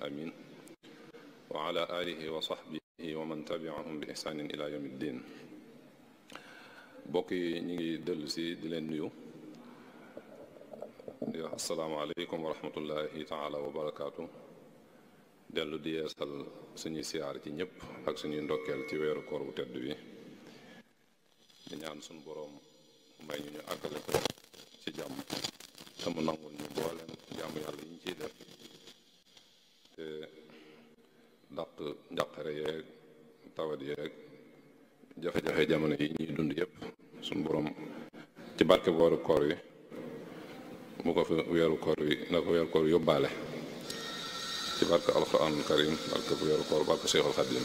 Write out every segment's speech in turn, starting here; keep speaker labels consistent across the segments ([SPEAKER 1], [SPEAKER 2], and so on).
[SPEAKER 1] amin wa ala alihi wa sahbihi wa man tabiahum bi ihsanin ila yawmi ddin bokk yi ñu ngi dellu si di leen nuyu di wax asalaamaaleykum wa rahmatullahi taala wa barakaatu dellu di yeesal suñuy siyaar ci ñëpp ak suñuy ndokkeel ci weeru koor bu tedd bi ñaan suñu boroom may ñu ñu àggale ko ci jàmm sama nangul ñu booleen jàmm yàlla yi def te dàq njàqare yeeg tawat yeeg jafe-jafe jamono yi ñuy dund yëpp suñu borom ci barke bu weeru koor wi mu ko fi weeru koor wi nga ko weeru koor yóbbaale ci barke alxuraanul karim barke bu weeru koor barke seexul xadim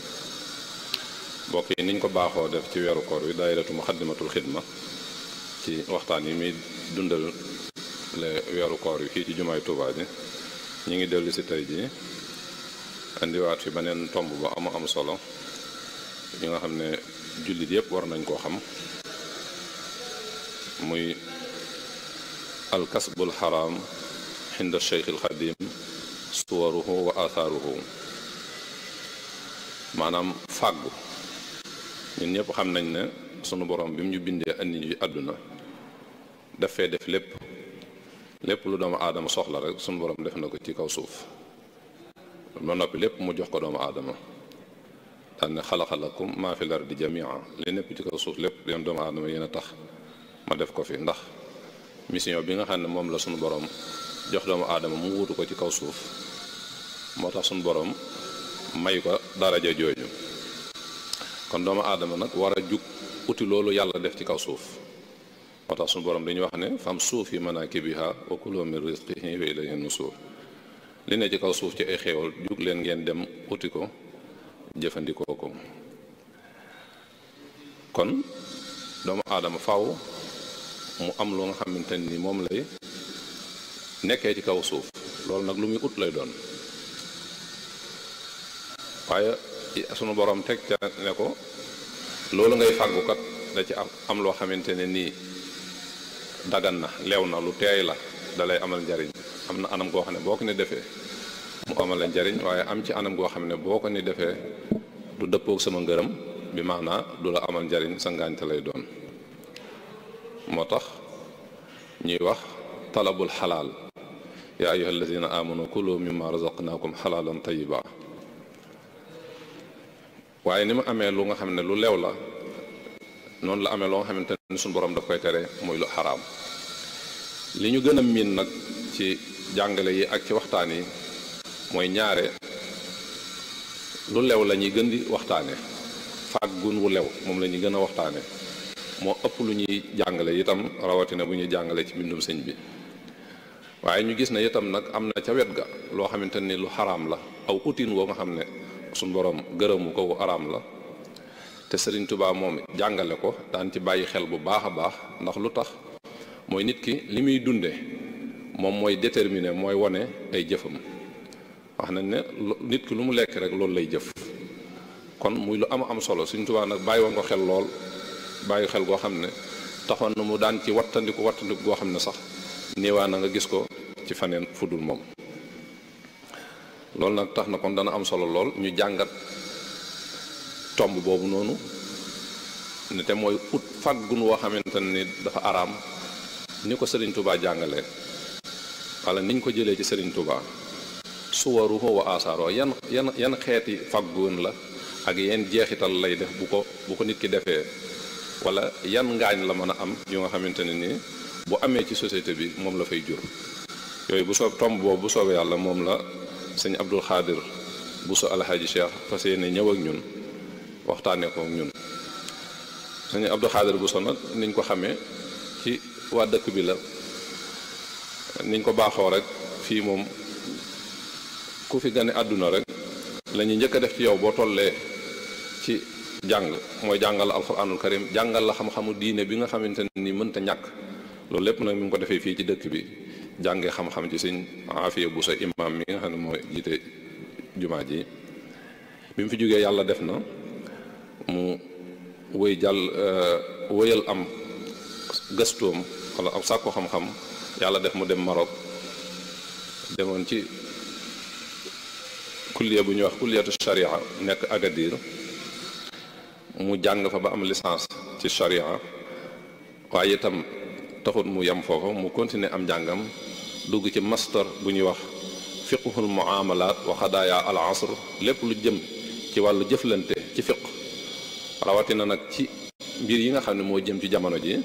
[SPEAKER 1] mbokk yi niñ ko baaxoo def ci weeru koor wi daayiratu muxaddimatul xidma ci waxtaan yi muy dundal le weeru koor wi fii ci jumaay Tuubaa ji ngi dellu si tey jii indiwaat fi beneen tomb ba ama am solo ñi nga xam ne jullit yëpp war nañ koo xam muy alkasbul xaraam xinda cheikh al xadim suwaruhu wa athaaruhu maanaam fàggu ñun ñëpp xam nañ ne sunu borom bi mu ñu bindee andi ñu àdduna dafay def lépp lépp lu doomu aadama soxla rek sunu borom def na ko ci kaw suuf ba noppi lépp mu jox ko doomu aadama daan ne xalaqa lakum maa fi lardi jamia li nepp ci kaw suuf lépp yéen doomu aadama yéen a tax ma def ko fi ndax mission bi nga xam ne moom la suñu borom jox doomu aadama mu wutu ko ci kaw suuf moo tax suñu borom may ko daraja jooju kon doomu aadama nag war a jug uti loolu yàlla def ci kaw suuf moo tax suñu borom dañuy wax ne fam suufi manaakibiha wa kulu min rizqihi wa ilayhi nusuur li ne ci kaw suuf ci ay xéewal jug leen ngeen dem uti ko jëfandikoo ko kon doomu aadama faw mu am loo nga xamante ni moom lay nekkee ci kaw suuf loolu nag lu muy ut lay doon waaye sunu borom teg ca ne ko loolu ngay fàggukat da ci am am loo xamante ne nii daggan na leew na lu teey la da amal njariñ am na anam goo xam ne boo ko ne defee mu amal la njariñ waaye am ci anam goo xam ne boo ko ni defee du dëppoog sama ngërëm bi maanaa du la amal njariñ sa ngaañte lay doon moo tax ñuy wax talabul xalaal yaa ayyuha alladina amanu kulu mimma kom xalaalan tayiba waaye ni mu amee lu nga xam ne lu leew la noonu la amee loo nga xamante ne su borom daf koy tere muy lu xaraam li ñu gën a miin nag ci jàngale yi ak ci waxtaan yi mooy ñaare lu lew lañuy gën di waxtaane fàggun wu lew moom la ñuy gën a waxtaane moo ëpp lu ñuy jàngale itam rawatina bu ñuy jàngale ci mbindum sëñ bi waaye ñu gis na itam nag am na ca wet ga loo xamante ni lu xaraam la aw utin woo nga xam ne suñ borom gërëmu ko wu araam la te Sëriñ Tuubaa moom jàngale ko daan ci bàyyi xel bu baax a baax ndax lu tax mooy nit ki li muy dunde moom mooy déterminer mooy wane ay jëfam wax nañ ne nit ki lu mu lekk rek loolu lay jëf kon muy lu am am solo Sëriñ Tuubaa nag bàyyi woon ko xel lool bàyyi xel goo xam ne taxoon na mu daan ci wattandiku wattandiku goo xam ne sax néewaa na nga gis ko ci faneen fudul moom loolu nag tax na kon dana am solo lool ñu jàngat tomb boobu noonu ne te mooy ut fàggun woo xamante ni dafa araam ni ko Serigne Touba jàngale wala niñ ko jëlee ci Serigne Touba suwaruhu wa asaaro yan yan yan xeeti faggoon la ak yan jeexital lay def bu ko bu ko nit ki defee wala yan ngaañ la mën a am yu nga xamante ne nii bu amee ci société bi moom la fay jur yooyu bu soob tomb boobu bu soobee yàlla moom la sëñ Abdul Xaadir bu so alxaaji Cheikh fas yéene ñëw ak ñun waxtaanee ko ñun sëñ Abdul Xaadir bu so nag niñ ko xamee ci waa dëkk bi la niñ ko baaxoo rek fii moom ku fi gane àdduna rek la ñuy njëkk a def ci yow boo tollee ci jàng mooy jàngal alxuraanul jàngal la xam-xamu diine bi nga xamante ne ni mënta ñàkk loolu lépp nag mi ngi ko defee fii ci dëkk bi jànge xam-xam ci sëñ Afiya bu sa imam mi nga xam ne mooy jiite jumaa ji bi mu fi jógee yàlla def na mu wëy jàll euh, wëyal am gëstoom wala am sàkku xam-xam yàlla def mu dem Maroc demoon ci kulliya bu ñuy wax kulliyatu sharia nekk Agadir mu jàng fa ba am licence ci sharia waaye itam taxut mu yem foofa mu continuer am njàngam dugg ci master bu ñuy wax fiqhul muamalat wa xadaaya al asr lépp lu jëm ci wàllu jëflante ci fiq rawatina nag ci mbir yi nga xam ne moo jëm ci jamono ji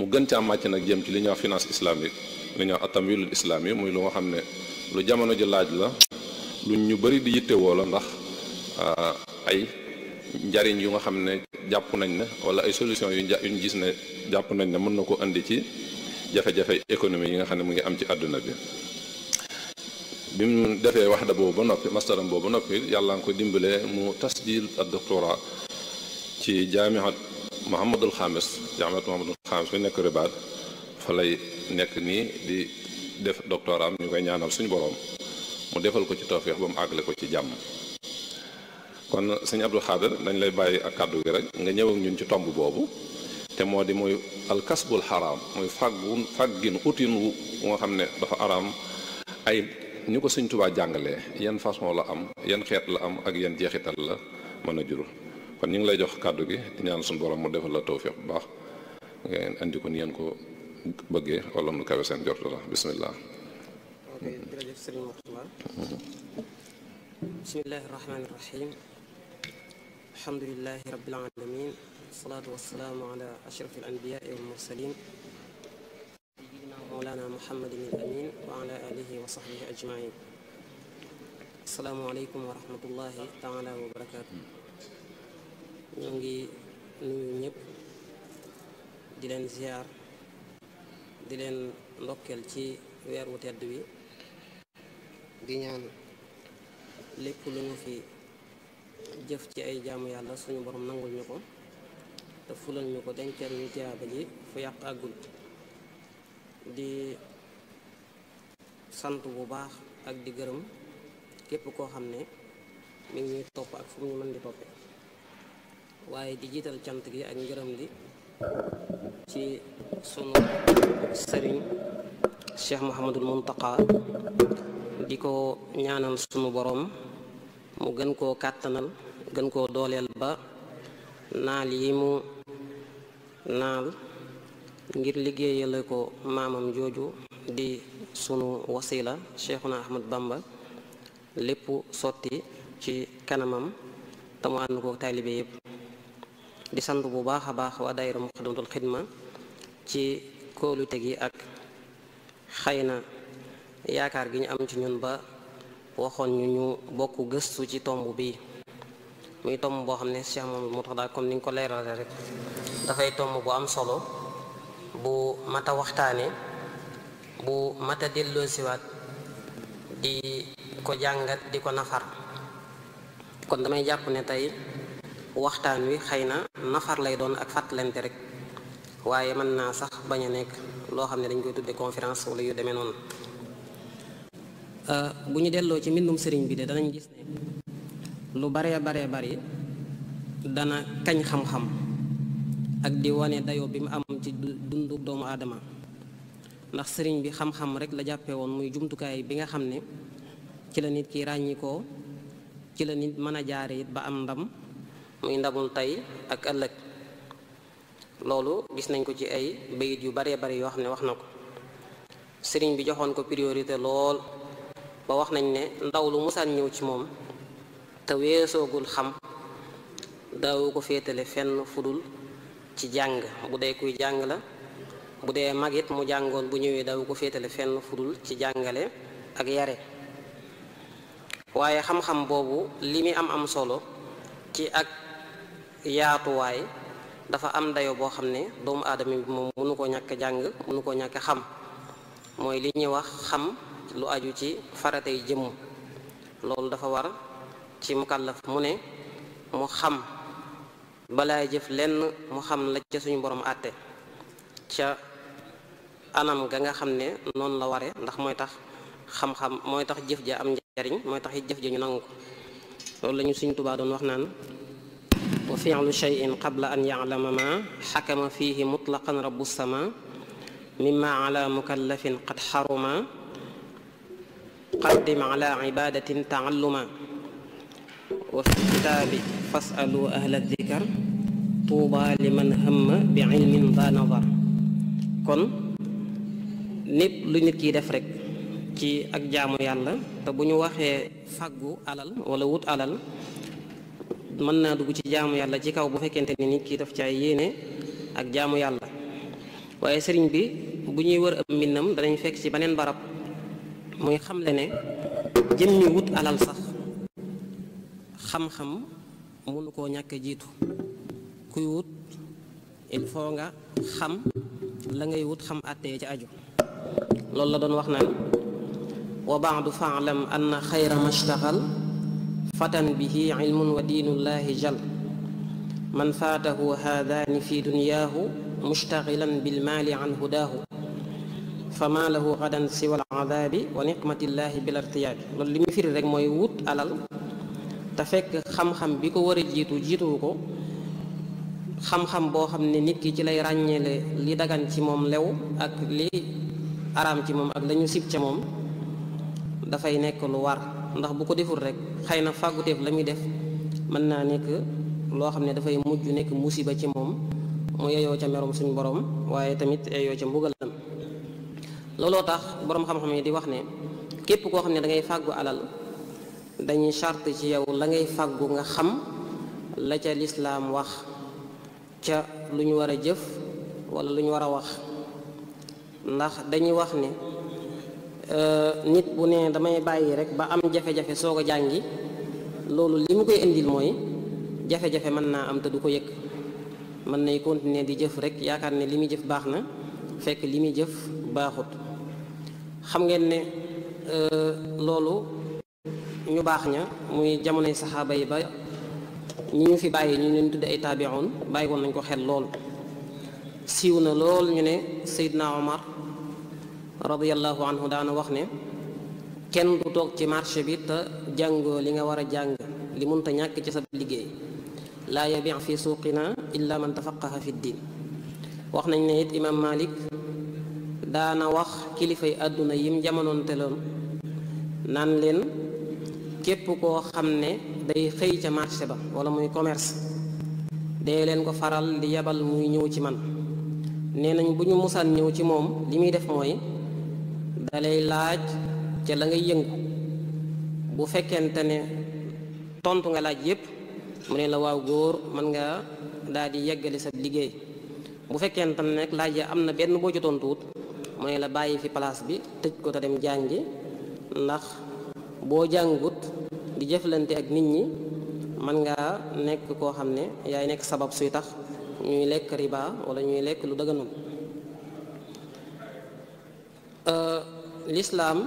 [SPEAKER 1] mu gën caa màcc nag jëm ci li ñuy wax finance islamique li ñuy wax atamwilul islami muy lu nga xam ne lu jamono ji laaj la lu ñu bari di yittewoo la ndax ah, ay njariñ yu nga xam ne jàpp nañ ne wala ay solution yu ñu gis ne jàpp nañ ne mën na ko indi ci jafe-jafe économie yi nga xam ne mu ngi am ci àdduna bi bi mu defee wax waxda boobu ba noppi mastaram boobu ba noppi yàlla nga ko dimbalee mu tasjil ak doctorat ci jaamiat Mouhamadul Xaamis jaamiat Mouhamadul Xaamis bi nekk Ribaat fa lay nekk nii di def doctoram ñu koy ñaanal suñu boroom mu defal ko ci tawféex ba mu àggale ko ci jàmm kon sëñ Abdul Xaadir dañ lay bàyyi ak kàddu gi rek nga ñëw ak ñun ci tomb boobu te moo di mooy alkasbul xaraam mooy fag gin utin wu nga xam ne dafa araam ay ñu ko sëñ Tuubaa jàngalee yan façon la am yan xeet la am ak yan jeexital la mën a jur kon ñu ngi lay jox kàddu gi di ñaan suñu borom mu defal la tawfiq bu baax ngeen andi ko ni ngeen ko bëggee wala mu kawe seen jortu la bisimilah.
[SPEAKER 2] ok jërëjëf Serigne Mourtala. bisimilah rahmaani rahiim. alhamdulilahi rabbil alamin wasalaatu wasalaamu ala ashraf al anbiyaai wal mursalin sayidina moolana muhammadin al amin wa ala wa sahbihi ajmain asalaamu wa rahmatullahi wa barakatuh ñoo ngi nuyu ñëpp di leen ziar di leen ndokkeel ci weer wu tedd wi di ñaan lépp lu ñu fi jëf ci ay jaamu yàlla suñu borom nangul ñu ko te fulal ñu ko dencal ñu tiyaaba ji fu yàq àggul di sant bu baax ak di gërëm képp koo xam ne mi ngi topp ak fu mu ñu mën di toppee waaye di jiital cant gi ak ngërëm li ci sunu sëriñ Cheikh Mouhamadul Mountakha di ko ñaanal sunu boroom mu gën koo kàttanal gën koo dooleel ba naal yi mu naal ngir liggéeyale ko maamam jooju di sunu wasila Cheikhuna Ahmad Bamba lépp sotti ci kanamam te mu ànd ko taalibe yépp di sant bu baax a baax waa daayira muqaddamatul xidma ci kóolute gi ak xëy na yaakaar gi ñu am ci ñun ba waxoon ñu ñu bokk gëstu ci tomb bii muy tomb boo xam ne Cheikh Mamadou Mourtada comme ni nga ko leerale rek dafay tomb bu am solo bu mata waxtaane bu mata delloosiwaat di ko jàngat di ko nafar kon damay jàpp ne tey waxtaan wi xëy na nafar lay doon ak fàttalante rek waaye mën naa sax bañ a nekk loo xam ne dañ koy tuddee conférence wala yu demee noonu euh, bu ñu delloo ci mbindum sëriñ bi de danañ gis ne lu baree baree bari dana kañ xam-xam ak di wane dayo bi mu am ci dundu doomu aadama ndax sëriñ bi xam-xam rek la jàppee woon muy jumtukaay bi nga xam ne ci la nit ki ràññikoo ci la nit mën a jaare it ba am ndam muy ndamul tey ak ëllëg loolu gis nañ ko ci ay bayit yu baree bari yoo xam ne wax na ko sëriñ bi joxoon ko priorité lool ba wax nañ ne ndaw lu musaan ñëw ci moom te weesoogul xam daawu ko féetale fenn fudul ci jàng bu dee kuy jàng la bu dee magit mu jàngoon bu ñëwee daawu ko féetale fenn fudul ci jàngale ak yare waaye xam-xam boobu li muy am am solo ci ak yaatuwaay dafa am dayo boo xam ne doomu aadama bi moom nu ko ñàkk jàng nu ko ñàkk xam mooy li ñuy wax xam lu aju ci faratay jëmm loolu dafa war ci mukallaf mu ne mu xam balaa jëf lenn mu xam la ca suñu borom àtte ca anam ga nga xam ne noonu la ware ndax mooy tax xam-xam mooy tax jëf ja am njariñ mooy tax jëf ja ñu nangu ko loolu la suñu Tuubaa doon wax naan wa fi'lu shay'in qabla an ya'lama ma xakama fihi mutlaqan rabbu sama mimma ala mukallafin qad xaruma qaddim ala ibadatin taalluma wa fi kitaabi fasalu ahla dikar tuuba liman hamma bi ilmin da nazar kon nit lu nit kiy def rek ci ak jaamu yàlla te bu ñu waxee fàggu alal wala wut alal mën naa dugg ci jaamu yàlla ci kaw bu fekkente ni nit ki daf ay yéene ak jaamu yàlla waaye sëriñ bi bu ñuy wër ab mbindam danañ fekk ci beneen barab muy xamle ne jëmmi wut alal sax xam-xam mënu koo ñàkk jiitu kuy wut il faut nga xam la ngay wut xam àttee ca aju loolu la doon wax naan wa du faalam anna xayra mashtaxal fatan bihi ilmun wa diinullaahi jal man faatahu haadaani fi dunyaahu mustaxilan bilmaali an hudaahu fama la gadan siwal adaabi wa niqmatillaahi bil artiyaabi loolu li muy rek mooy wut alal te fekk xam-xam bi ko war a jiitu jiituwu ko xam-xam boo xam ne nit ki ci lay ràññeele li dagan ci moom lew ak li araam ci moom ak lañu sib ca moom dafay nekk lu war ndax bu ko deful rek xëy na fàgguteef la muy def mën naa nekk loo xam ne dafay mujj nekk musiba ci moom mu yeyoo ca merom suñu boroom waaye tamit yeyoo ca mbugalam looloo tax borom xam-xam yi di wax ne képp koo xam ne da ngay fàggu alal dañuy charte ci yow la ngay fàggu nga xam la ca lislaam wax ca lu ñu war a jëf walla lu ñu war a wax ndax dañuy wax ne Euh, nit bu ne damay bàyyi rek ba am jafe-jafe soog a jàngi loolu li mu koy indil mooy jafe-jafe mën naa am te du ko yëg mën nay continuer di jëf rek yaakaar ne li muy jëf baax na fekk li muy jëf baaxut xam ngeen ne euh, loolu ñu baax ña muy jamonoy saxaaba yi ba ñi ñu fi bàyyi ñu leen tudde ay taabi'un bàyyi woon nañ ko xel lool siiw na lool ñu ne Seydina Omar radiyallahu anhu daana wax ne kenn du toog ci marché bi te jàngoo li nga war a jàng li munta ñàkk ci sa liggéey laa yabi fi suuqina illa man tafaqaha fi diin wax nañ ne it imaam Malik daana wax kilifay àdduna yim jamonoonte loon naan leen képp koo xam ne day xëy ca marché ba wala muy commerce dee leen ko faral di yebal muy ñëw ci man nee nañ bu ñu musaan ñëw ci moom li muy def mooy dalay laaj ca la ngay yëngu bu fekkente ne tontu nga laaj yépp mu ne la waaw góor mën nga daal di yeggale sa liggéey bu fekkente ne nag laaj ya am na benn boo ci tontuwut mu ne la bàyyi fi place bi tëj ko te dem jàngi ndax boo jàngut di jëflante ak nit ñi mën ngaa nekk koo xam ne yaay nekk sabab suy tax ñuy lekk riba wala ñuy lekk lu noonu lislaam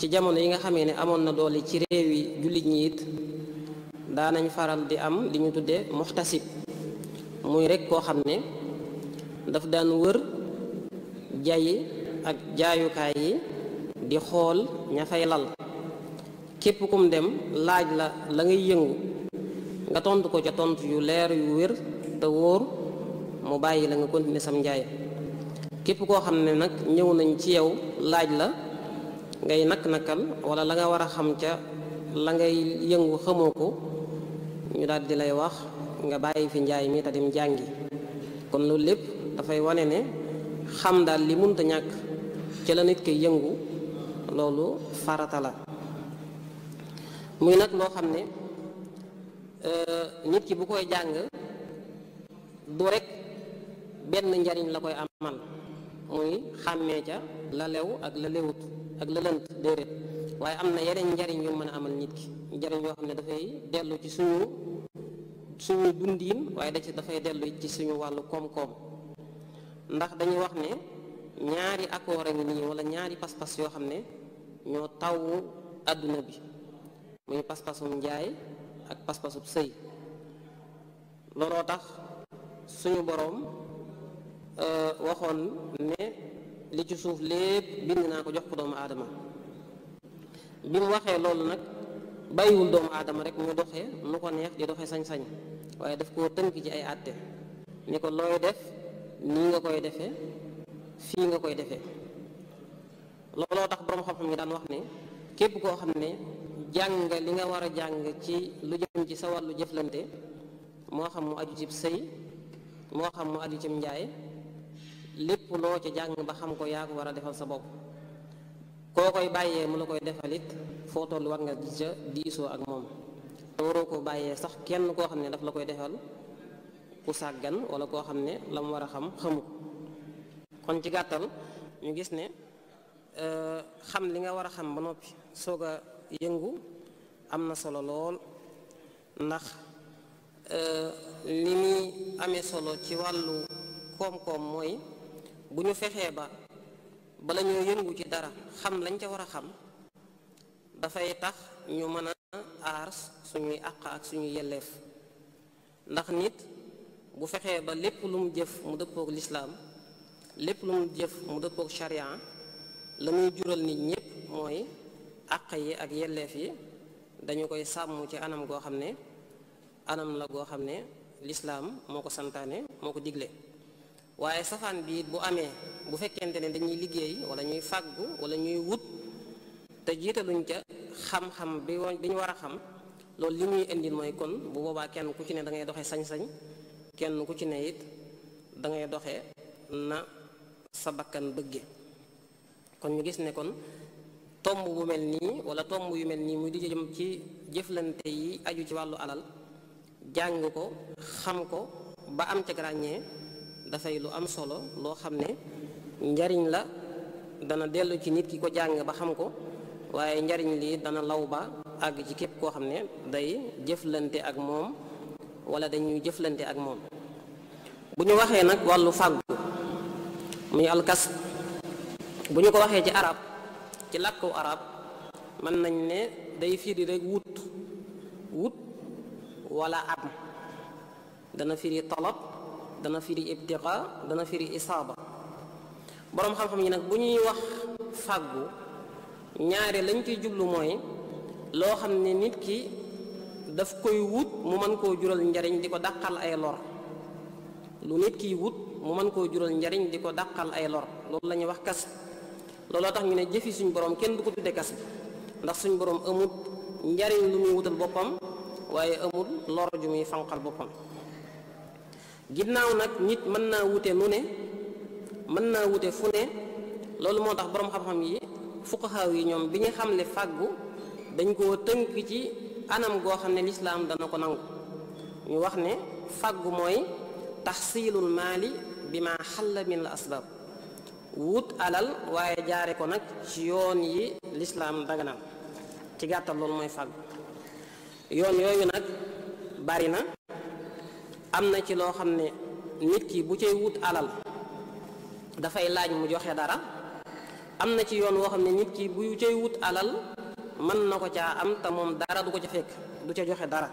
[SPEAKER 2] ci jamono yi nga xamee ne amoon na doole ci réew yi jullit ñi daanañ faral di am li ñu tuddee muxtasib muy rekk koo xam ne daf daan wër jayi ak jaayukaay yi di xool ña fay lal képp kum dem laaj la la ngay yëngu nga tontu ko ca tontu yu leer yu wér te wóor mu bàyyi la nga continuer sam njaay képp koo xam ne nag ñëw nañ ci yow laaj la ngay nakk nakal wala la nga war a xam ca la ngay yëngu xamoo ko ñu daal di lay wax nga bàyyi fi njaay mi te dem jàngi kon loolu lépp dafay wane ne xam daal li munta ñàkk ca la nit koy yëngu loolu farata la muy nag loo xam ne euh, nit ki bu koy jàng du rekk benn njariñ la koy amal muy xàmmee ca la lew ak la lewut ak la lënt déedéet waaye am na yeneen njariñ yu mën a amal nit ki njariñ yoo xam ne dafay dellu ci suñu suñu dundiin waaye da dafay dellu ci suñu wàllu koom-koom ndax dañuy wax ne ñaari accord a ngi nii wala ñaari pas-pas yoo xam ne ñoo taw àdduna bi muy pas-pasum njaay ak pas-pasub sëy looloo tax suñu boroom Euh, waxoon ne li ci suuf lépp bind naa ko jox ko doomu aadama bi mu waxee loolu nag bàyyiwul doomu aadama rek mu doxee nu ko neex di doxe sañ-sañ waaye daf koo tënk ci ay àtte ni ko looy def nii nga koy defee fii nga koy defee looloo tax borom xam-xam yi daan wax ne képp koo xam ne jàng li nga war a jàng ci lu jëm ci sa wàllu jëflante moo xam mu aju ci sëy moo xam mu aju ci njaay lépp loo ci jàng ba xam ko yaa ko war a defal sa bopp koo koy bàyyee mu la koy defalit it foo toll war nga ca diisoo ak moom te waroo ko bàyyee sax kenn koo xam ne daf la koy defal ku sàggan wala koo xam ne la mu war a xam xamut kon ci gàttal ñu gis ne euh, xam li nga war a xam ba noppi soog a yëngu am na solo lool ndax euh, li muy amee solo ci wàllu koom-koom mooy bu ñu fexee ba bala ñoo yëngu ci dara xam lañ ca war a xam dafay tax ñu mën a aar suñuy àq ak suñu yelleef ndax nit bu fexee ba lépp lu mu jëf mu dëppook lislaam lépp lu mu jëf mu dëppook sharia la muy jural nit ñépp mooy àq yi ak yelleef yi dañu koy sàmm ci anam goo xam ne anam la goo xam ne lislaam moo ko santaane moo ko digle waaye safaan bi bu amee bu fekkente ne dañuy liggéey wala ñuy fàggu wala ñuy wut te jiitaluñ ca xam-xam bi bi ñu war a xam loolu li muy indil mooy kon bu boobaa kenn ku ci ne dangay ngay doxee sañ-sañ kenn ku ci ne it da ngay na sa bakkan bëgge kon ñu gis ne kon tomb bu mel nii wala tomb yu mel nii muy di jëm ci jëflante yi aju ci wàllu alal jàng ko xam ko ba am ca ràññee dafay lu am solo loo xam ne njariñ la dana dellu ci nit ki ko jàng ba xam ko waaye njariñ lii dana law ba àgg ci képp koo xam ne day jëflante ak moom wala dañuy jëflante ak moom bu ñu waxee nag wàllu fàggu muy alkas bu ñu ko waxee ci arab ci làkku arab mën nañ ne day firi rek wut wut wala am dana firi tolob dana fiir ibtiqa dana firi isaaba boroom xam-xam yi nag bu ñuy wax fàggu ñaare lañ ciy jublu mooy loo xam ne nit ki daf koy wut mu mën koo jural njariñ di ko dàqal ay lor lu nit kiy wut mu mën koo jural njariñ di ko dàqal ay lor loolu la ñuy wax kas looloo tax ñu ne jëfi suñu borom kenn du ko tudde kas ndax suñu boroom amut njariñ lu muy wutal boppam waaye amul lor ju muy fanqal boppam ginnaaw nag nit mën naa wute nu ne mën naa wute fu ne loolu moo tax boroom xam-xam yi fuqahaa yi ñoom bi ñu ne fàggu dañ ko tënk ci anam goo xam ne lislaam dana ko nangu ñu wax ne fàggu mooy taxsiilul maali bi ma xalla min la asbaab wut alal waaye jaare ko nag ci yoon yi lislaam daganal ci gàttal loolu mooy fàggu yoon yooyu nag bari na am na ci loo xam ne nit ki bu cay wut alal dafay laaj mu joxe dara am na ci yoon woo xam ne nit ki bu cay wut alal mën na ko caa am te moom dara du ko ca fekk du ca joxe dara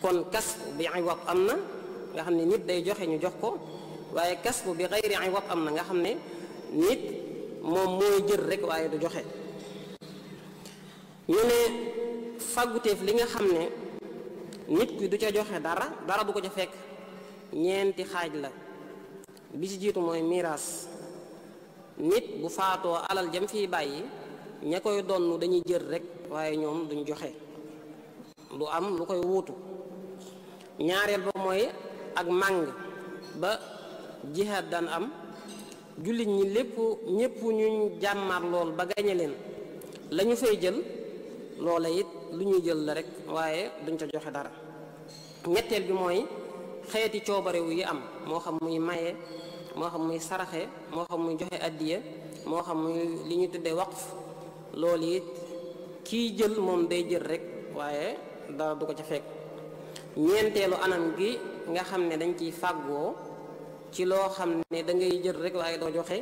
[SPEAKER 2] kon kas bi ay am na nga xam ne nit day joxe ñu jox ko waaye kas bu bi am na nga xam ne nit moom mooy jël rek waaye du joxe ñu ne fàgguteef li nga xam ne nit ki du ca joxe dara dara du ko ca fekk ñeenti xaaj la bi ci jiitu mooy miraas nit bu faatoo alal jam fiy bàyyi ña koy donn dañuy jël rekk waaye ñoom duñ joxe du am lu koy wuutu ñaareel ba mooy ak màng ba jihaad daan am jullit ñi lépp ñépp ñu jàmmar lool ba gañe leen lañu fay jël loola it lu ñuy jël la rek waaye duñ ca joxe dara ñetteel bi mooy xeeti coobarewu yi am moo xam muy maye moo xam muy saraxe moo xam muy joxe addiya moo xam muy li ñuy tuddee waqf loolu it kiy jël moom day jël rekk waaye du ko ca ñeenteelu anam gi nga xam ne dañ ciy fàggoo ci loo xam ne da jël rek waaye doo joxe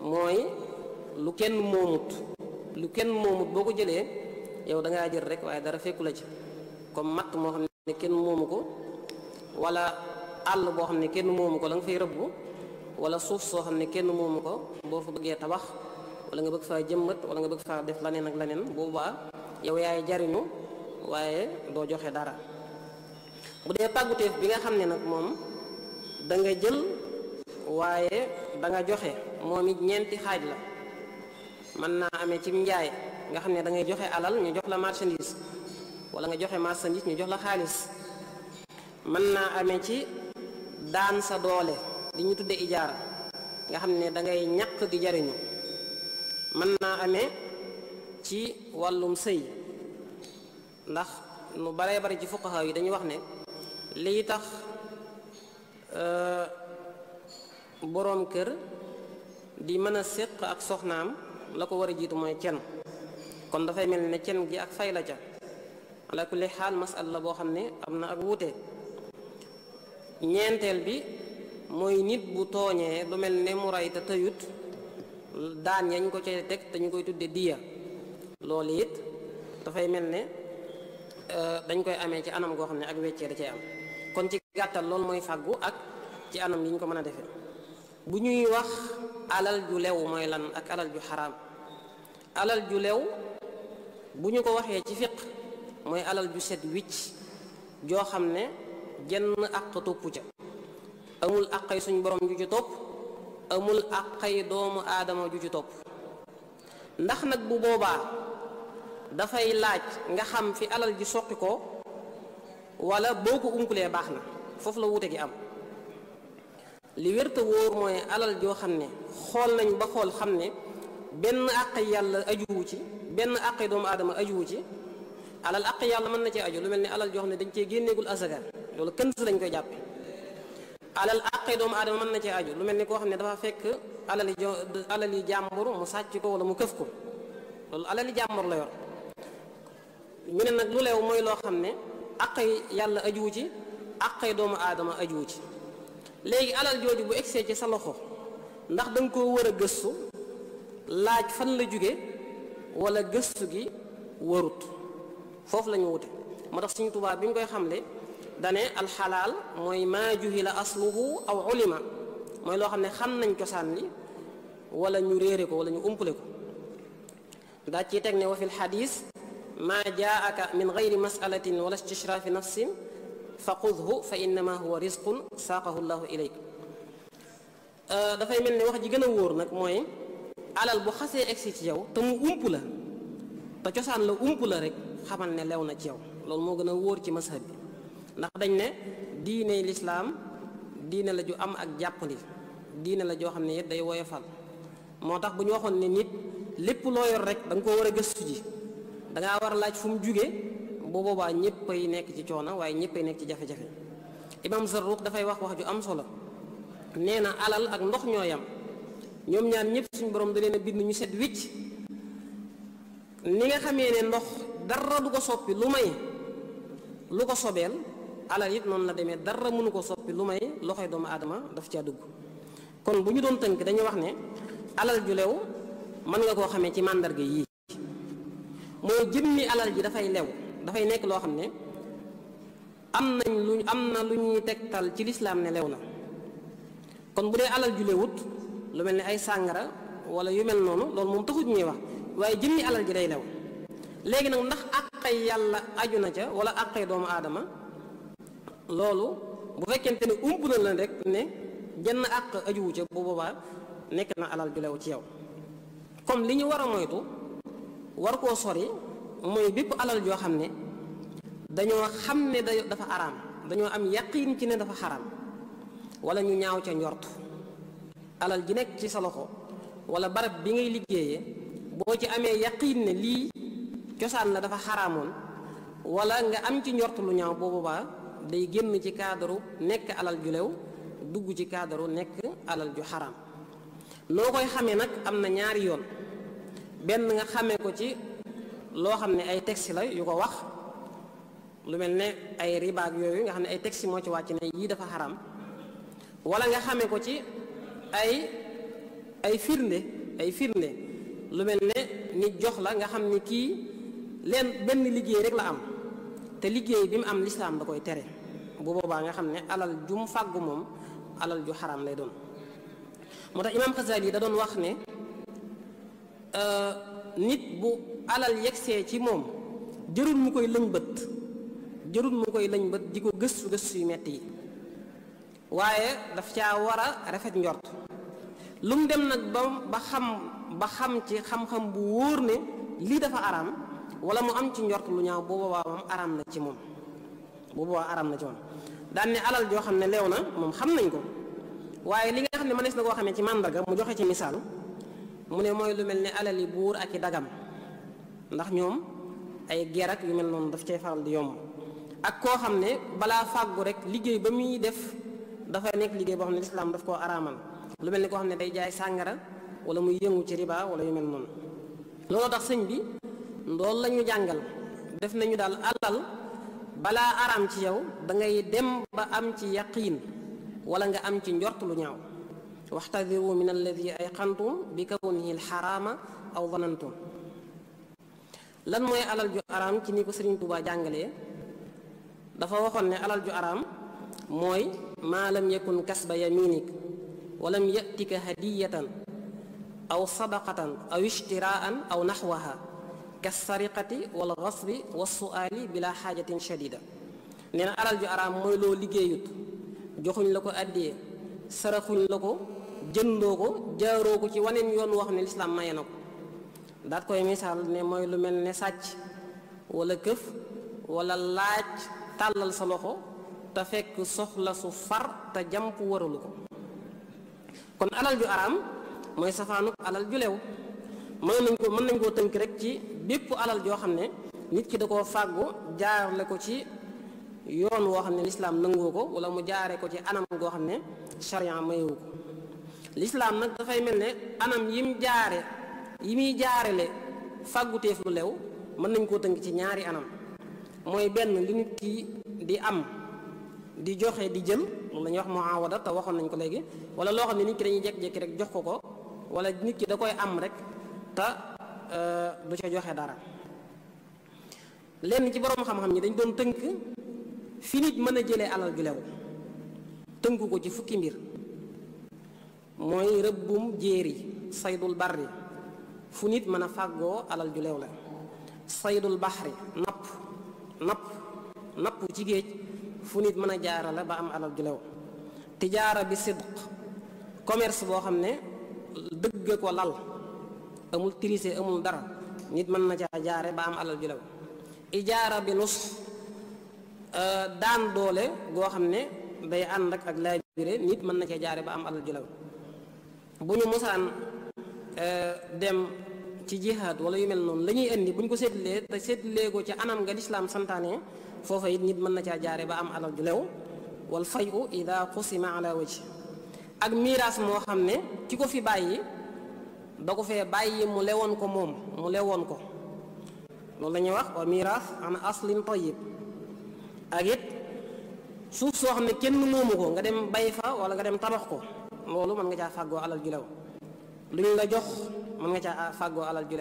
[SPEAKER 2] mooy lu kenn moomut lu kenn moomut boo ko jëlee yow da ngaa jël rekk waaye dara fekku la ci comme matt moo xam ne kenn moomu ko walla àll boo xam ne kenn moomu ko la nga fay rëbb wala suuf soo xam ne kenn moomu ko boo fa bëggee tabax wala nga bëgg faa jëmbat wala nga bëgg faa def laneen ak laneen boobaa yow yaay jariñu waaye doo joxe dara bu dee pàgguteef bi nga xam ne nag moom danga jël waaye danga joxe moom it ñeenti xaaj la mën naa amee ci njaay nga xam ne da ngay joxe alal ñu jox la marchandise wala nga joxe marchandise ñu jox la xaalis mën naa amee ci daan sa doole li ñu tudde ijaara nga xam ne dangay ngay ñàkk di jariñu mën naa ame ci wàllum sëy ndax lu baree bari ci fuqaha yi dañuy wax ne lii tax euh, boroom kër di mën a séq ak soxnaam la ko war a jiitu mooy kenn kon dafay mel ne cen gi ak fay la ca ala kulli xaal masal la boo xam ne am na ak wuute ñeenteel bi mooy nit bu tooñee lu mel ne mu rey te tëyut daan yañ ko cay teg dañu koy tudde diya loolu it dafay mel ne e, dañ koy amee ci anam goo xam ne ak weccee da am kon ci gàttal loolu mooy fàggu ak ci anam yi ñu ko mën a defe bu ñuy wax alal ju lew mooy lan ak alal ju xaraam alal ju lew bu ñu ko waxee ci fiq mooy alal ju set wicc joo xam ne jenn àq topp ca amul àqay suñ borom ju ci topp amul àqay doomu aadama ju ci topp ndax nag bu boobaa dafay laaj nga xam fi alal ji soqi ko wala boo ko umpulee baax na foofu la wuute gi am li wér wóor mooy alal joo xam ne xool nañ ba xool xam ne benn àq yàlla ajuwu ci benn àq doomu aadama ajuwu ci alal àq yàlla mën na cee aju lu mel ni alal joo xam ne dañ cee génneegul asaka loolu këns lañ koy jàppe alal doomu aadama mën na cee aju lu mel ni koo xam ne dafa fekk alali jo alali jàmbur mu sàcc ko wala mu këf ko loolu alali jàmbur la yor ñu nag lu mooy loo xam ne àq yàlla ajuwu ci àq doomu aadama ajuwu ci léegi alal jooju bu egsee ci sa loxo ndax da nga koo war a gëstu laaj fan la jóge wala gëstu gi warut foofu la ñu moo tax suñu tubaab bi ñu koy xamle dane alxalaal mooy maa juhila asluhu aw ulima mooy loo xam ne xam nañ cosaan li wala ñu réere ko wala ñu umpale ko daa ciy teg ne wa fil xadis maa jaaka min gayri masalatin wala istishraafi nafsin fa xudhu fa innama huwa risqun saaqahu llahu ilayk dafay mel ne wax ji gën a wóor nag mooy alal bu xasee egsi ci yow te mu ump la te cosaan la ump la rek xamal ne lew na ci yow loolu moo gën a wóor ci mazhab bi ndax dañ ne diine lislaam diine la ju am ak jàppandi diine la joo xam ne it day woyofal moo tax bu ñu waxoon ne nit lépp loo yor rek da ko war a gëstu ji da ngaa war a laaj fu mu jugee boo boobaa ñëppay nekk ci coono waaye ñëppay nekk ci jafe-jafe imam Zarruq dafay wax wax ju am solo nee na alal ak ndox ñooyam ñoom ñaar ñëpp suñu borom da na a bind ñu set wicc ni nga xamee ne ndox dara du ko soppi lu may lu ko sobeel alal it noonu la demee dara mënu ko soppi lu may loxoy doomu aadama daf caa dugg kon bu ñu doon tënk dañuy wax ne alal ju lew mën nga koo xamee ci màndarga yii mooy jëmmi alal ji dafay lew dafay nekk loo xam ne am nañ lu am na lu ñuy tegtal ci lislaam ne lew na kon bu dee alal ju lewut lu mel ni ay sàngara wala yu mel noonu loolu moom taxut ñuy wax waaye jëmmi alal ji day lew léegi nag ndax àqay yàlla aju na ca wala àqay doomu aadama loolu bu fekkente ne ump na la rek ne jenn àq ajuwu ca bu boobaa nekk na alal ju lew ci yow comme li ñu war a moytu war koo sori mooy bépp alal joo xam ne dañoo xam ne dafa araam dañoo am yaqiin ci ne dafa xaral wala ñu ñaaw ca njort alal ji nekk ci sa loxo wala barab bi ngay liggéeyee boo ci amee yaqiin ne lii cosaan la dafa xaraamoon wala nga am ci njort lu ñaaw boobu baa day génn ci kaadaru nekk alal ju lew dugg ci kaadaru nekk alal ju xaraam noo koy xamee nag am na ñaari yoon benn nga xamee ko ci loo xam ne ay texte la yu ko wax lu mel ne ay ribaag yooyu nga xam ne ay texte moo ci wàcc ne yii dafa xaram wala nga xamee ko ci ay ay firnde ay firnde lu mel ne nit jox la nga xam ni kii lenn benn liggéey rek la am te liggéey bi mu am lislaam da koy tere bu boobaa nga xam ne alal ju mu fàggu moom alal ju xaraam lay doon moo tax imaam Xasaali yi da doon wax ne euh, nit bu alal yegsee ci moom jërul mu koy lëñ bët jërul mu koy lëñ bët di ko gëstu gëstu yu metti yi waaye daf caa war a rafet njort lu mu dem nag ba ba xam ba xam ci xam-xam bu wóor ne lii dafa araam wala mu am ci njort lu ñaaw booba waa moom araam na ci moom booba waa araam na ci moom daan ne alal joo xam ne leew na moom xam nañ ko waaye li nga xam ne mënees na koo xam ne ci màndarga mu joxe ci misaal mu ne mooy lu mel ne alal yi buur ak i dagam ndax ñoom ay ger ak yu mel noonu daf cay faral di yomb ak koo xam ne balaa fàggu rek liggéey ba muy def dafa nekk liggéey boo xam ne lislaam daf koo araamal lu mel ni koo xam ne day jaay sàngara wala muy yëngu ci riba wala yu mel noonu looloo tax sëñ bi loolu lañu jàngal def nañu daal alal balaa araam ci yow dangay dem ba am ci yaqiin wala nga am ci njort lu ñaaw waxtadiru min alladi ayqantum bi kawnihi alxaraama aw zanantum lan mooy alal ju araam ci ni ko sëriñ Tuubaa jàngalee dafa waxoon ne alal ju araam mooy maa lam yakun kasba yaminik walam yatika hadiyatan aw sadaqatan aw ishtiraan aw naxwaha kasariqati wal gasbi wa suaali bila xaajatin shadida nee alal ju araam mooy loo liggéeyut joxuñ la ko àddiyee saraxuñ la ko jëndoo ko jaaroo ko ci waneen yoon wax ne lislaam maye na ko daat koy misaal ne mooy lu mel ne sàcc wala këf wala laaj tàllal sa loxo te fekk soxla su far te jàmp waralu ko kon alal ju araam mooy safaanu alal ju lew mën nañ ko mën nañ koo tënk rek ci bépp alal joo xam ne nit ki da koo fàggu jaarale ko ci yoon woo xam ne lislaam nangoo ko wala mu jaaree ko ci anam goo xam ne charia mayewu ko nag dafay mel ne anam yim jaare yi muy jaarele fàgguteef lu lew mën nañ koo tënk ci ñaari anam mooy benn li nit ki di am di joxe di jël moom la ñuy wax muawada te waxoon nañ ko léegi wala loo xam ne nit ki dañuy jékki-jékki rek jox ko ko wala nit ki da koy am rek te euh, du ca joxe dara lenn ci borom xam-xam ñi dañ doon tënk fi nit mën a jëlee alal ju lew tënku ko ci fukki mbir mooy rëbbum jéeri saydul barri fu nit mën a fàggoo alal ju lew la saydul baxri napp napp napp ci géej fu nit mën a jaara la ba am alal ju lew tijaara bi sidq commerce boo xam ne dëgg ko lal amul triché amul dara nit mën na caa jaare ba am alal ju lew ijaara bi nus euh, daan doole goo xam ne day ànd ak ak laaj biire nit mën na caa jaare ba am alal ju bu ñu musaan euh, dem ci jihaad wala yu mel noonu la ñuy indi buñ ko seetlee te seetlee ko ci anam nga lislaam santaane foofa it nit mën na caa jaare ba am alal ju lew wal fay u ida qusima ala waji ak miraas moo xam ne ki ko fi bàyyi da ko fee bàyyi mu lewoon ko moom mu lewoon ko loolu la ñuy wax wa miiraas an aslin tayyib ak it suuf soo xam ne kenn moomu ko nga dem bay fa wala nga dem tabax ko loolu mën nga caa fàggoo alal ju lu ñu la jox mën nga caa fàggoo alal ju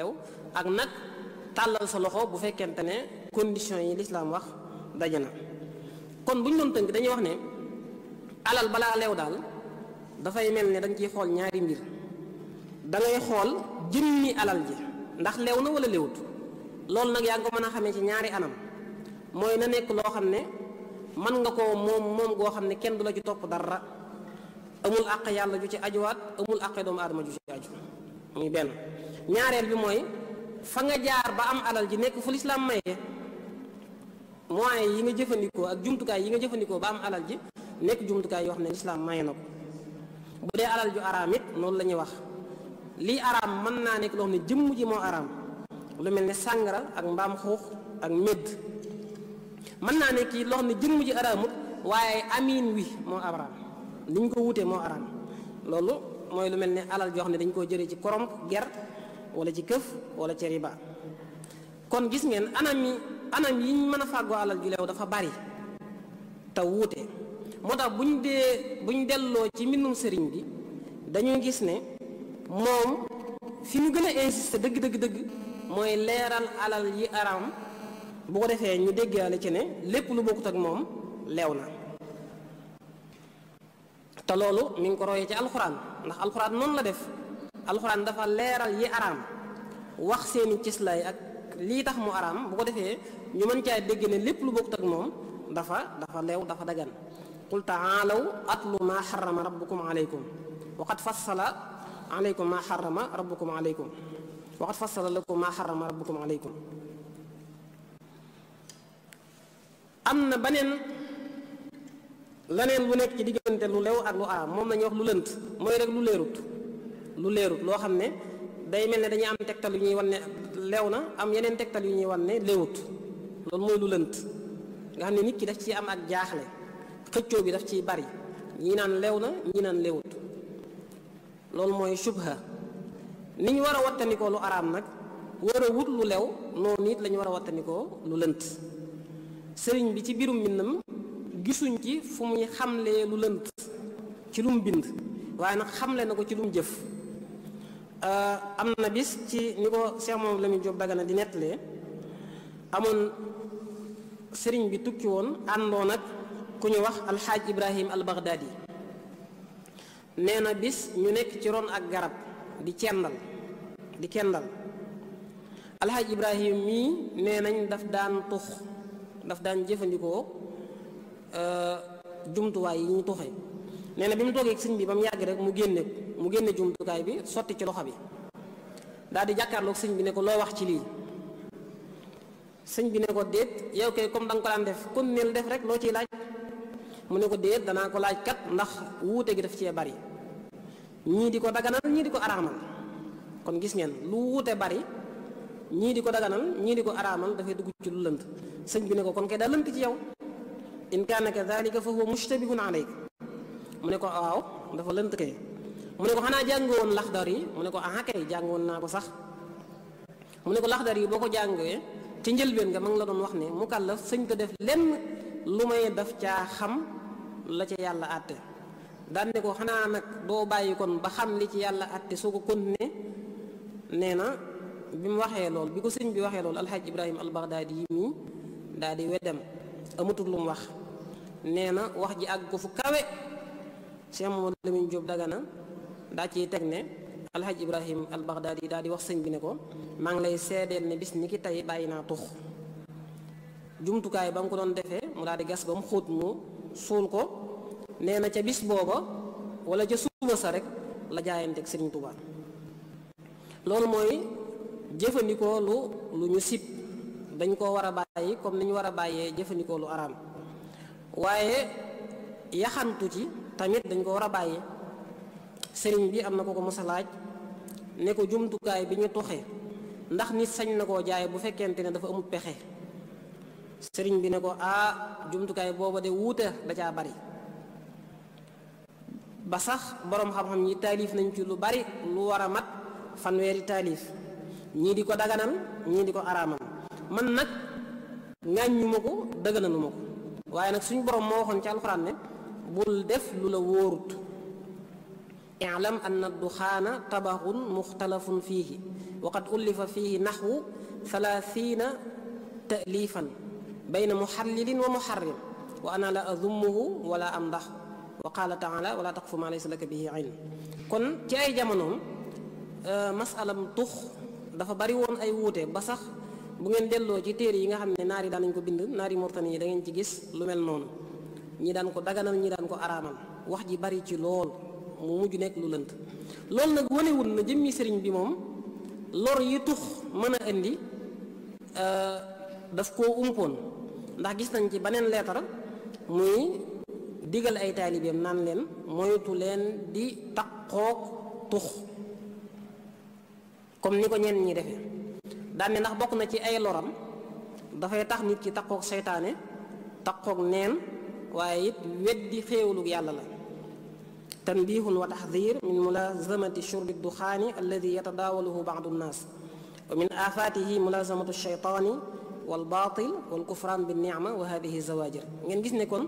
[SPEAKER 2] ak nag tàllal sa loxo bu fekkente ne condition yi lislaam wax daje na kon bu ñu doon tënk dañuy wax ne alal balaa leew daal dafay mel ne dañ ciy xool ñaari mbir dangay ngay xool jëmmi alal ji ndax leew na wala leewut loolu nag yaa ngi ko mën a xamee ci ñaari anam mooy na nekk loo xam ne mën nga ko moom moom goo xam ne kenn du la ci topp dara amul àq yàlla ju ci ajuwaat amul àq doomu aadama ju ci aju muy benn ñaareel bi mooy fa nga jaar ba am alal ji nekk fu lislaam maye moyens yi nga jëfandikoo ak jumtukaay yi nga jëfandikoo ba am alal ji nekk jumtukaay yoo ne lislaam maye na ko bu dee alal ju araam it loolu la ñuy wax lii araam mën naa nekk loo ne jëmm ji moo araam lu mel ne sàngara ak mbaam ak médd mën naa nekk loo xam ne jëmm ji araamut waaye amiin wi moo araam li ko wutee moo araam loolu mooy lu mel ne alal joo ne dañ koo jëlee ci koromp ger wala ci këf wala ci riba kon gis ngeen anam anam yi ñu mën a fàggoo alal ju leew dafa bari te wuute moo tax buñ dee ñu delloo ci mbindum sëriñ bi dañu gis ne moom fi mu gën a insister dëgg dëgg dëgg mooy leeral alal yi araam bu ko defee ñu déggaale ci ne lépp lu bokkut ak moom leew na te loolu mi ngi ko royee ci alxuraan ndax alxuraan noonu la def alxuraan dafa leeral yi araam wax seeni cislaay ak lii tax mu araam bu ko defee ñu mën caa dégg ne lépp lu bokkut ak moom dafa dafa leew dafa dagan qul taalaw at maa xarama rabbukum aleykum wa qad fassala aleykum maa xarama rabbukum aleykum wa fasala la ko maa xarama rabbukum aleykum am na beneen neen bu nekk ci diggante lu lew ak lu araam moom la wax lu lënt mooy rek lu leerut lu leerut loo xam ne day mel ne dañu am tegtal yu ñuy wan ne leew na am yeneen tegtal yu ñuy wan ne leewut loolu mooy lu lënt nga xam ne nit ki daf ci am ak jaaxle xëccoo bi daf ciy bari ñii naan leew na ñii naan leewut loolu mooy subha ni ñu war a wattandikoo lu araam nag war a wut lu lew noonu it lañu war a wattandikoo lu lënt sëriñ bi ci biirum mbindam gisuñ ci fu muy xamlee lu lënt ci lum bind waaye nag xamle na ko ci lum jëf Euh, am na bis ci ni ko Cheikh Mamadou Lamine Diop di nettalee amoon sëriñ bi tukki woon àndoon ak ku ñu wax alxaaj Ibrahim al Baghdadi nee na bis ñu nekk ci ron ak garab di cendal di kendal alxaaj Ibrahim mii nee nañ daf daan tux daf daan jëfandikoo euh, jumtuwaay yi ñu tuxe nee na bi mu toogee siñ bi ba mu yàgg rek mu génne mu génne jumtukaay bi sotti ci loxo bi daal di jàkkaarloog sëñ bi ne ko loo wax ci lii sëñ bi ne ko déet yow kay comme da ko daan def kon def rek loo ciy laaj ne ko déet danaa ko laaj kat ndax wuute gi def cee bari ñii di ko daganal ñii di ko araamal kon gis ngeen lu wuute bari ñii di ko daganal ñii di ko araamal dafay dugg ci lu lënt sëñ bi ne ko kon kay daa lënt ci yow in kaana kadalika fa huwa naa alayk mu ne ko waaw dafa lënt kay mu ne ko xanaa jàng woon laxdar yi mu ne ko ah kay naa ko sax mu ne ko laxdar yi boo ko jàngee ci njëlbeen nga ma la doon wax ne mu kàllaf sëñ ko def lenn lu may daf caa xam la ca yàlla àtte daan ko xanaa nag doo bàyyi kon ba xam ni ci yàlla àtte soo ko continué nee na bi mu waxee lool bi ko sëñ bi waxee lool alxaaj ibrahima albaghdaadi yi mii daal di weddem amatul lu mu wax nee wax ji àgg ko fu kawe Cheikh Mamadou Lamine Diop Dagana daa ciy teg ne alhaj Ibrahim al Baghdadi daal di wax sëñ bi ne ko maa ngi lay seedeel ne bis ni ki tey bàyyi naa tux jumtukaay ba mu ko doon defe mu daal di gas ba mu xóot mu suul ko nee na ca bis booba wala ca suba sa rek la jaayanteeg Sëriñ Tuubaa loolu mooy jëfandikoo lu ñu sib dañ ko war a bàyyi comme ni ñu war a bàyyee jëfandikoo lu araam waaye yaxantu ci tamit dañ ko war a bàyyi sëriñ bi am na ko ko mos a laaj ne ko jumtukaay bi ñu toxee ndax nit sañ na koo jaay bu fekkente ne dafa amul pexe sëriñ bi ne ko ah jumtukaay booba de wuute da caa bari ba sax boroom xam-xam yi taalif nañ ci lu bari lu war a mat fanweeri taalif ñii di ko daganal ñii di ko araamal man nag ngàññuma ko dëgganaluma ko waaye nag suñu borom moo waxoon ci alxuraan ne bul def lu la wóorut ilam anna duxaana tabaxun muxtalafun fiihi wa qad ullifa fiihi naxwu thalaathiina taliifan bayna muxallilin wa muxarrim wa ana la adumuhu wala amdaxu wa qaala taala wala taqfu ma laysa laka bihi ilm kon ci ay jamonoom euh, masalam tux dafa bari woon ay wuute ba sax bu ngeen delloo ci téere yi nga xam ne yi daan nañ ko bind naar yi Mauritanie yi da ngeen ci gis lu mel noonu ñi daan ko daganal ñi daan ko araamal wax ji bari ci lool mu mujj nekk lu lënt loolu nag wanewul na jëmmi sëriñ bi moom lor yi tux mën a indi euh, daf koo umpoon ndax gis nañ ci beneen leetar muy digal ay taalibeem naan leen moytu leen di taqoog tux comme ni ko ñenn ñi defee daan ne ndax bokk na ci ay loram dafay tax nit ci taqoog seytaane taqoog neen waaye it weddi xéewalug yàlla la tanbihun wa taxdir min mulazamati shurbi duxaani alladi yatadaawaluhu baadu nnaas wa min afaatihi mulazamatu shaytaani wal baatil wal kufraan bi nicma wa hadihi zawajir ngeen gis ne kon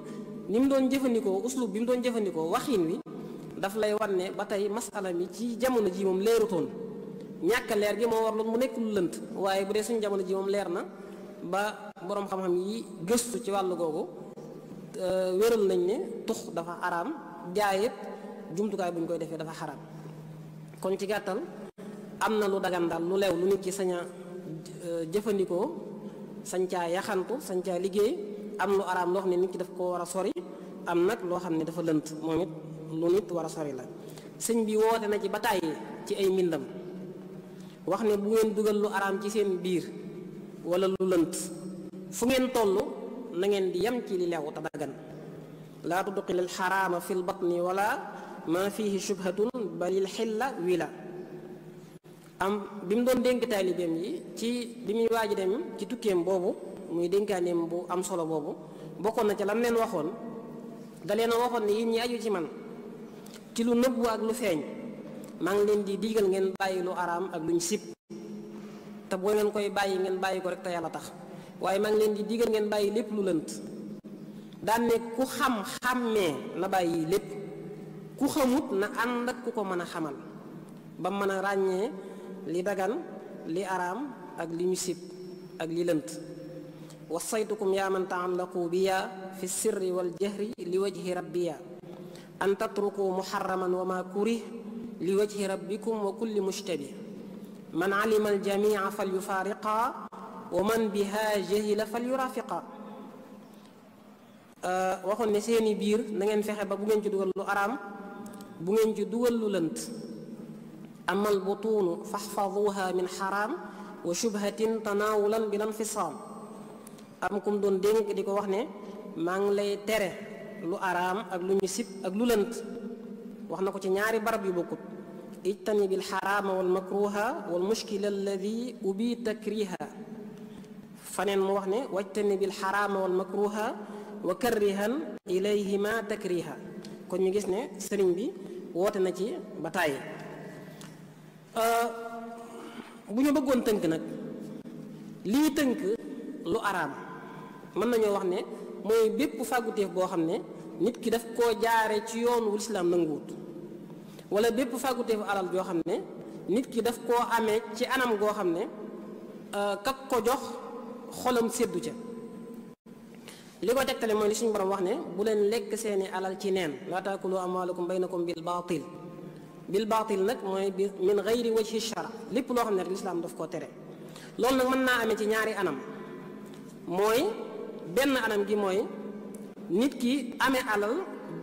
[SPEAKER 2] ni mu doon jëfandikoo uslub bi mu doon jëfandikoo waxin wi daf lay wan ne ba tey masala mi ci jamono ji moom leerutoon ñàkk leer gi moo war loolu mu nekk lënt waaye bu dee suñu jamono ji moom leer na ba boroom xam-xam yi gëstu ci wàll googu Euh, wéral nañ ne tux dafa araam jaay jumtukaay bu koy defee dafa xaraam kon ci gàttal am na lu dagan daal lu leew lu nit ci sañ euh, jëfandikoo sañ caa yaxantu sañ caa liggéey am lu araam loo xam ne nit ki daf ko war a sori am nag loo xam ne dafa lënt moom it lu nit war a sori la sëñ bi woote na ci ba tàyyi ci ay mbindam wax ne bu ngeen dugal lu araam ci seen biir wala lu lënt fu ngeen toll na ngeen di yem ci li leew te dagan laa tudxil al xaraama fi l batni wala maa fihi shubhatun balil xilla la am bi mu doon dénk taalibeem yi ci bi muy waaj dem ci tukkeem boobu muy dénkaaneem bu am solo boobu bokkoon na ca lam leen waxoon da leen a waxoon ne yéen ñi aju ci man ci lu nëbbu ak lu feeñ maa ngi leen di diigal ngeen bàyyi lu araam ak luñ sib te boo ngeen koy bàyyi ngeen bàyyi ko rek te yàlla tax waaye maa leen di digal ngeen bàyyi lépp lu lënt daan ne ku xam xàmmee na bàyyi lépp ku xamut na ànd ak ku ko mën a xamal ba mën a ràññee li dagan li araam ak li ñu sib ak li lënt wasaytukum yaa man taallaqu biya fi sirri wal jahri li wajhi rabbiya an tatruku muharraman wa ma kurih li wajhi rabbikum wa kulli mushtabih man alima aljamia fal yufariqa wa man biha jahila fal yurafiqa euh, waxoon ne seeni biir na fexe ba bu ngeen ci dugal lu araam bu ngeen ci dugal lu lënt ama albutuunu faxfaduha min xaraam wa shubhatin tanaawulan bi lan fisaam am kum doon dénk di ko wax ne maa ngi lay tere lu araam ak lu ñu ak lu lënt wax na ko ci ñaari barab yu bokkut ijtanibil xaraama wal makruha wal mushkila alladi ubi takriha faneen mu wax ne wajtani bil xaraama wal makruha wa karrihan ilayhima takriha kon ñu gis ne sëriñ bi woote na ci ba tàyyi euh, bu ñu bëggoon tënk nag lii tënk lu araam mën nañoo wax ne mooy bépp fàgguteef boo xam ne nit ki daf ko jaare ci yoon wu lislaam nanguwut wala bépp fàgguteefu alal joo xam ne nit ki daf koo amee ci anam goo xam ne euh, kak ko jox xolam seddu ca li ko tegtale mooy li suñ borom wax ne bu leen lekk seeni alal ci neen laa taakulu amwaalakum baynakum bil baatil bil baatil nag mooy bi min gayri wajhi shara lépp loo xam ne rek lislaam daf koo tere loolu nag mën naa amee ci ñaari anam mooy benn anam gi mooy nit ki amee alal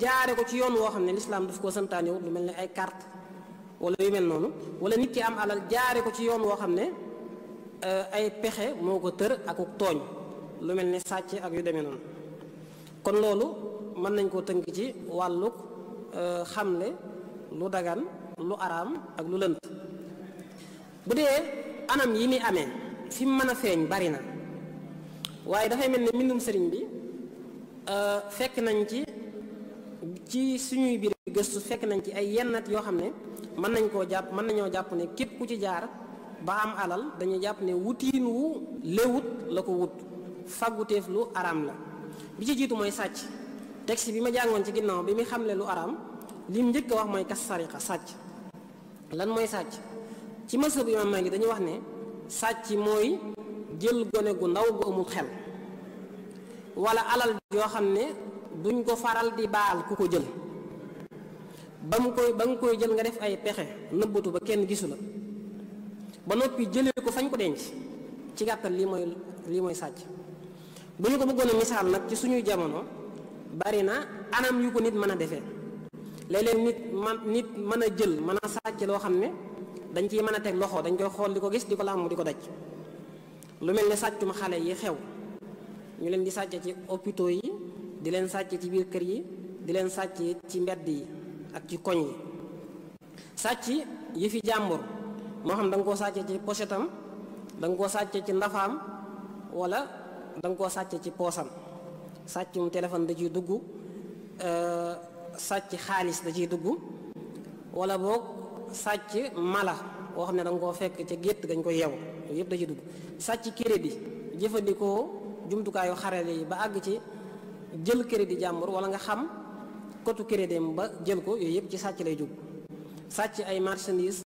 [SPEAKER 2] jaare ko ci yoon woo xam ne lislaam daf koo santaanewut lu mel ne ay kart wala yu mel noonu wala nit ki am alal jaare ko ci yoon woo xam ne Euh, ay pexe moo ko tër ak tooñ lu mel ni sàcc ak yu demee noonu kon loolu mën nañ koo tënk ci wàlluk euh, xamle lu dagan lu araam ak lu lënt bu dee anam yi muy amee fi mu mën a feeñ bari na waaye dafay mel ni mbindum sëriñ bi euh, fekk nañ ci ci suñuy biir gëstu fekk nañ ci ay yennat yoo xam ne mën nañ koo jàpp mën nañoo jàpp ne képp ku ci jaar ba am alal dañu jàpp ne wutiin wu léwut la ko wut fàgguteef lu araam la bi ci jiitu mooy sàcc texte bi ma jàngoon ci ginnaaw bi muy xamle lu araam lim njëkk a wax mooy kas sariqa sàcc lan mooy sàcc ci masab imam Maalik dañu wax ne sàcc mooy jël gone gu ndaw gu amul xel wala alal yoo xam ne duñ ko faral di baal ku ko jël ba mu koy ba nga koy jël nga def ay pexe nëbbatu ba kenn gisu la ba noppi jëlee ko fañ ko denc ci gàttal lii mooy lii mooy sàcc bu ñu ko bëggoon a misaal nag ci suñuy jamono bari na anam yu ko nit mën a defee léeg-léeg nit man nit mën a jël mën a sàcc loo xam ne dañ ciy mën a teg loxo dañ koy xool di ko gis di ko làmm di ko daj lu mel ne sàccum xale yi xew ñu leen di sàcc ci hôpitaux yi di leen sàcc ci biir kër yi di leen sàcc ci mbedd yi ak ci koñ yi sàcc yi fi jàmbur moo xam da nga koo sàccee ci pochetam danga nga koo sàccee ci ndafaam wala danga nga koo sàccee ci poosam sàccum téléphone da ciy dugg euh, sàcc xaalis da ciy dugg wala boog sàcc mala boo xam ne da koo fekk ca gétt gañ ko yeewu yëpp da ciy dugg sàcc crédit jëfandikoo jumtukaayu xarale yi ba àgg ci jël crédit jàmbur wala nga xam kotu crédit ba jël ko yooyu yëpp ci sàcc lay jóg sàcc ay marchandises